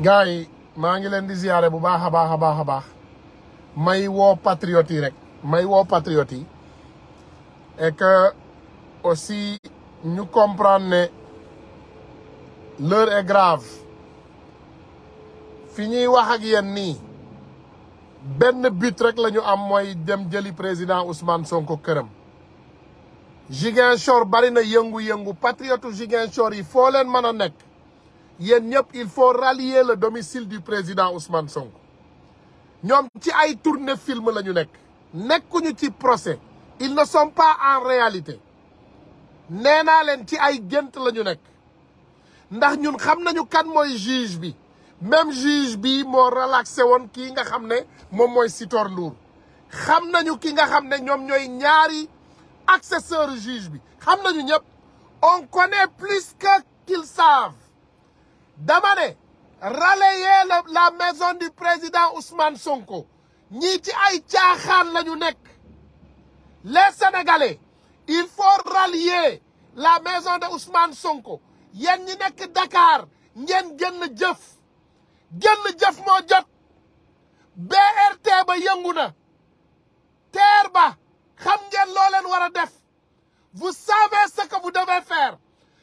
gars yi maa ngi leen di ziyaare bu baax a baax a baax a baax may woo patriotes yi rek may woo patriotes yi et que aussi ñu comprendre ne l'heure grave fi ñuy wax ak yéen nii benn but rek la ñu am mooy dem jëli président Ousmane Sonko këram Ziguinchor bari na yëngu-yëngu patriote Ziguinchor yi foo leen mën a nekk yéen ñëpp il faut rallier le domicile du président Ousmane Sonko ñoom ci ay tournée film lañu nekk nekkuñu ci procès ils ne sont pas en réalité nee naa leen ci ay gént la ñu nekk ndax ñun xam nañu kan mooy juge bi même juge bi moo relaxé woon kii nga xam ne moom mooy Sitor Ndour xam nañu ki nga xam ne ñoom ñooy ñaari accesseur juge bi xam nañu ñëpp on connaît plus que qu'ils savent dama ne relayer la la maison président Ousmane Sonko ñii ci ay caaxaan la ñu nekk les sénégalais il faut rallier la maison de Ousmane Sonko yéen ñi nekk Dakar ngeen génn jëf génn jëf moo jot BRT ba yëngu na TER ba xam ngeen loo leen def vous savez ce que vous devez faire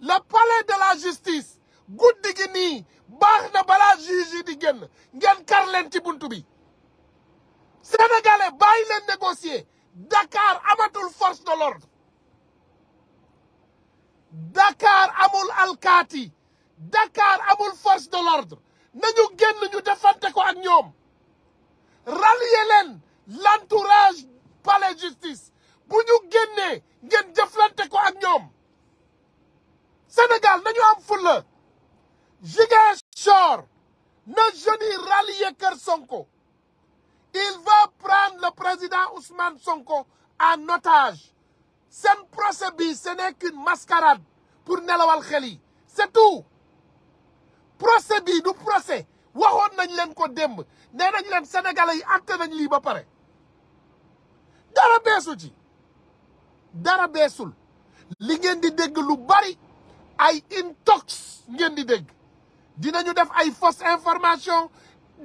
le palais de la justice guddi mi ngi nii baax na balaa juge di génn ngeen kar leen ci buntu bi sénégalais bàyyi leen négocier Dakar amatul force de l'ordre Dakar amul alkaati Dakar amul force de l'ordre nañu génn ñu defante ko ak ñoom rallier leen l'entourage justice bu ñu génnee ngeen jëflante ko ak ñoom Sénégal nañu am fulla Ziguinchor na jeunes yi rallier Sonko il va prendre le président Ousmane Sonko en otage seen procès bi ce n'est pour nelawal xel yi c'est tout procès bi du procès waxoon nañ leen ko demb nee nañ leen sénégalais yi atte nañ lii ba pare dara beesu ci dara beesul li ngeen di dégg lu bari ay intox ngeen di dégg dinañu def ay fausse information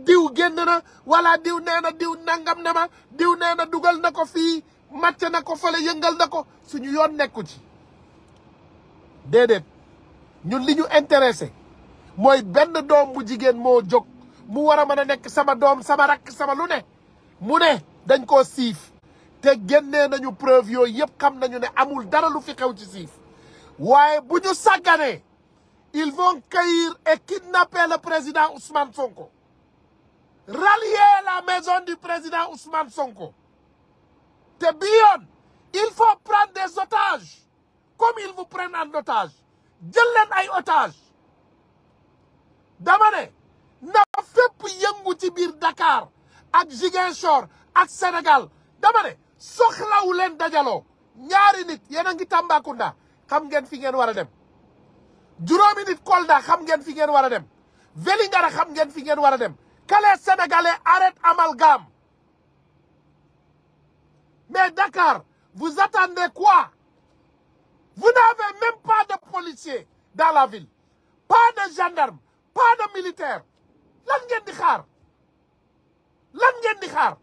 diw génn na wala diw nee na diw nangam na ma diw nee na dugal na ko fii màcc na ko fële yëngal na ko suñu yoon nekku ci déedéet ñun li ñu intéressé mooy benn doom bu jigéen moo jóg mu war a mën a nekk sama doom sama rakk sama lu ne mu ne dañ koo siif te génnee nañu preuve yooyu yëpp xam nañu ne amul dara lu fi xew ci siif waaye bu ñu sàgganee ils vont cueillir et kidnapper le président Ousmane Sonko. Rallier la maison du président Ousmane Sonko. te bii yoon il faut prendre des otages comme ils vous prennent en otage jël ay otages dama ne na fépp yëngu ci biir Dakar ak Ziguinchor ak Sénégal dama ne soxlawu dajaloo ñaari nit yéen a ngi Tambacounda xam ngeen fi ngeen war a dem. juróomi nit Kolda xam ngeen fi ngeen war a dem Vélingara xam ngeen fi ngeen war a dem que les Sénégalais arrêtent amalgame mais Dakar vous attendez quoi vous n'avez même pas de policiers dans la ville pas de gendarmes pas de militaires lan ngeen di xaar lan ngeen di xaar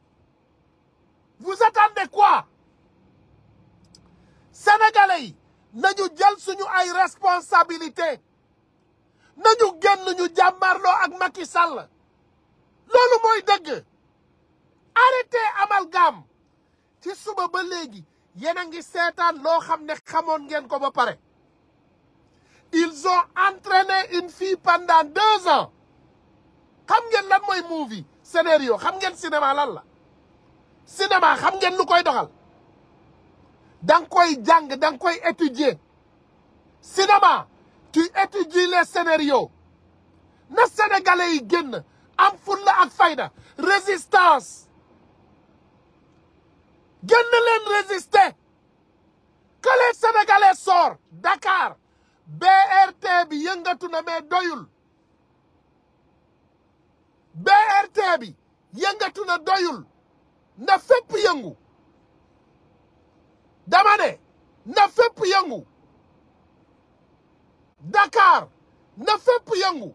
vous attendez quoi sénégalais yi nañu jël suñu ay responsabilité nañu génn ñu jàmmarloo ak Macky Sall loolu mooy dëgg arrêté amalgame ci suba ba léegi yéen a ngi seetaan loo xam ne xamoon ngeen ko ba pare ils ont entraîné une fille pendant deux xam ngeen lan mooy movie scénario xam ngeen cinéma lan la cinéma xam ngeen lu koy doxal da koy jàng da koy étudier cinéma tu étudies les scénarios na sénégalais yi génn am fulla ak fayda résistance génn leen résister que les sénégalais sortent Dakar BRT bi yëngatu na mais doyul BRT bi yëngatu na doyul na fépp yëngu dama ne na fépp yëngu Dakar na fépp yëngu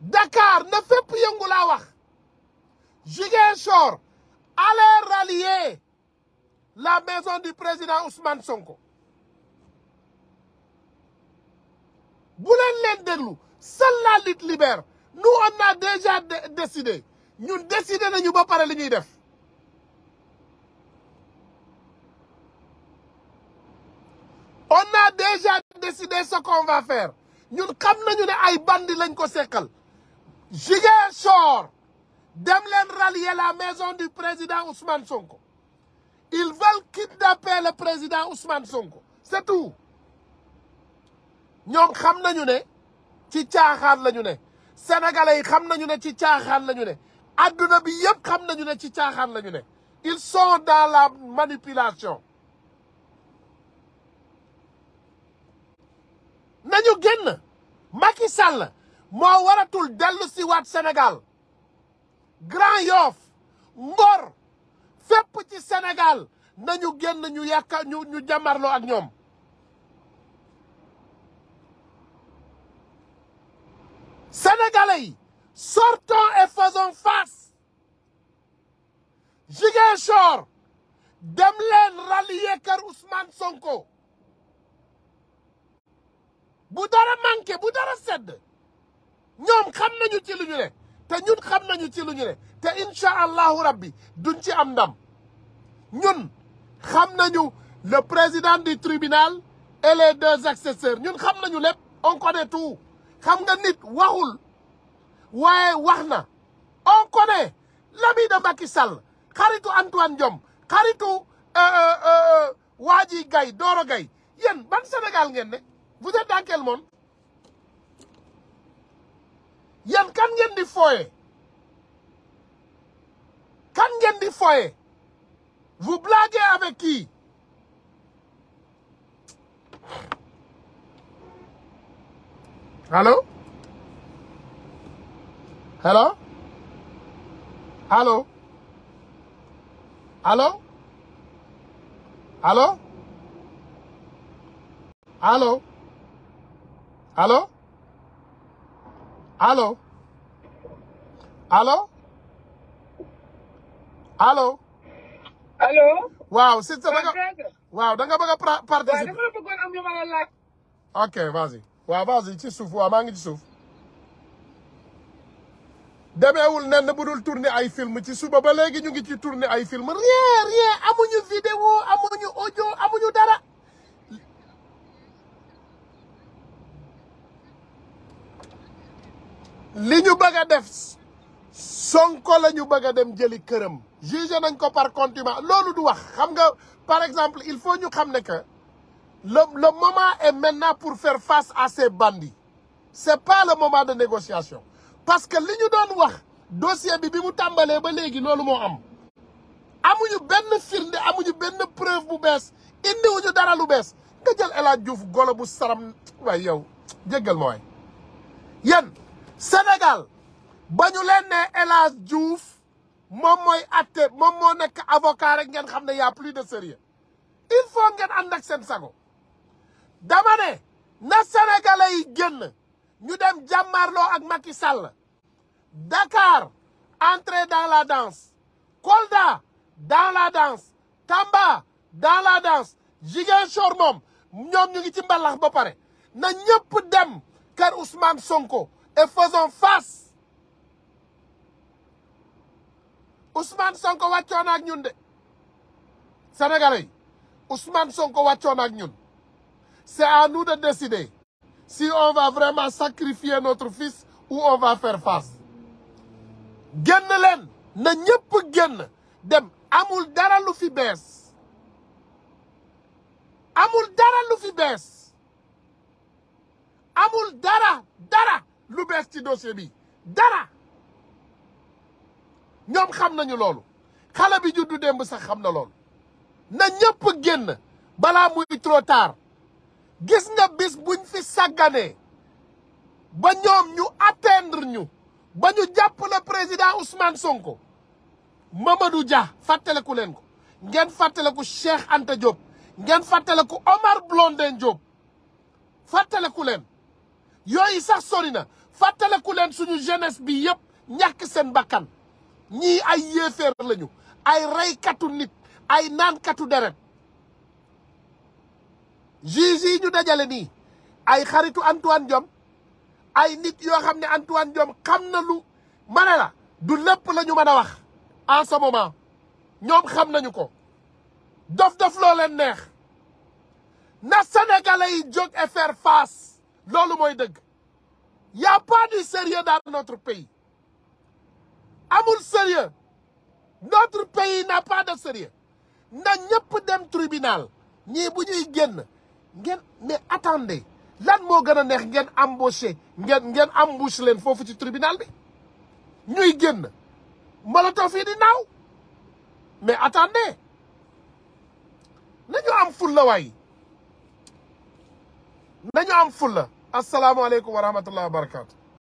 Dakar na fépp yëngu laa wax Ziguinchor allez rallier la maison du président Ousmane Sonko bu leen leen déglu seule la lutte libère nous on a déjà décidé ñun décidé nañu ba pare li ñuy def on a déjà décidé ce qu'on va faire ñun xam nañu ne ay bandi lañ ko sekkal Ziguinchor dem leen rallier la maison du président Ousmane Sonko ils veulent kidnapper le président Ousmane Sonko c'est tout ñoom xam nañu ne ci caaxaan lañu ne sénégalais yi xam nañu ne ci caaxaan lañu ne adduna bi yëpp xam nañu ne ci caaxaan lañu ne ils sont dans la manipulation génn Macky moo waratul dellu si waat Sénégal Grand Yoff Ngor fépp ci senegal nañu génn ñu yàkka ñu ñu ak ñoom Sénégalais yi sortons et faisons face Ziguinchor dem leen rallier kër Ousmane Sonko bu dara manqué bu dara sedd ñoom xam nañu ci lu ñu ne te ñun xam nañu ci lu ñu ne te incha allahu rabbi duñ ci am ndam ñun xam nañu le président du tribunal et les deux ñun xam nañu lépp on connaît xam nga nit waxul waaye wax na on connaît l'ami de Macky Sall xaritu Antoine Diome xaritu euh, euh, euh, waa ji Gaye Doro Gaye ban Sénégal ngeen ne vous êtes dans quel monde yéen kan ngeen di foye kan ngeen di foye vous blaguez avec qui allo allo allo allo allo allo allo allo allo allo. allo. waaw si sa nga waaw da ok vas waaw vas ci suuf waaw maa ngi ci suuf. demeewul nenn bu dul turne ay film ci suba ba léegi ñu ngi ci tourner ay film rien rien amuñu vidéo amuñu dara. li ñu bëgg a def sonko la ñu bëgg a dem jëli këram jugé nañ ko par contiment loolu du wax xam nga par exemple il faut ñu xam ne que le le moment est maintenant pour faire face à ces bandits c'est pas le moment de négociation parce que li ñu doon wax dossier bi bi mu tàmbalee ba léegi loolu moo am amuñu benn firnde amuñu benn preuve bu bees indiwuñu dara lu bees nga jël El Hadj Diouf golo bu saram waaye yow jéggal ma Sénégal ba ñu leen ne moom mooy atte moom moo nekk avocat rek ngeen xam ne y' plus de sérieux il faut ngeen ànd ak seen sago dama ne na sénégalais yi ñu dem jàmmaarloo ak Macky Sall Dakar entrer dans la danse Kolda dans la danse Tamba dans la danse moom ñoom ñu ngi ci mbalax ba pare na ñëpp dem kër Ousmane Sonko. et faisons face Ousmane Sonko wàccoon ak ñun de Sénégalais yi Ousmane Sonko wàccoon ak ñun c'est à nous de si on va vraiment sacrifier notre fils ou on va faire face génn leen na génn dem amul dara lu fi bees amul dara lu fi bees amul dara dara lu bees ci dossier bi dara ñoom xam nañu loolu xale bi juddu démb sax xam na loolu na ñëpp génn balaa muy trop tard gis nga bis buñ fi sàgganee ba ñoom ñu atteindre ñu ba ñu jàpp le président Ousmane Sonko Mamadou Dia fàttaleku leen ko ngeen fàttaleku Cheikh Anta Diop ngeen fàttaleku Omar Blondin Diop fàttaleku leen yooyu sax sori na fàttaleku leen suñu jeunesse bi yëpp ñàkk seen bakkan ñii ay yéeféer lañu ay reykatu nit ay naankatu deret juge yi ñu dajale nii ay xaritu Antoine Diome ay nit yoo xam ne Antoine Diome xam na lu ma ne la du lépp la mën a wax en ce moment ñoom xam nañu ko dof-dof loo leen neex na sénégalais yi jóg et faire loolu mooy dëgg y a pas de sérieux dans notre pays amul sérieux notre pays n'a pas de sérieux na ñëpp dem tribunal ñii bu ñuy génn ngeen mais attendez lan moo gën a neex ngeen am embauché ngeen ngeen embauché leen foofu ci tribunal bi ñuy génn molotov yi di naaw mais attendez nañu am fulla waay nañu am fulla asalaamaaleykum wa rahmatullah wa barakaatu.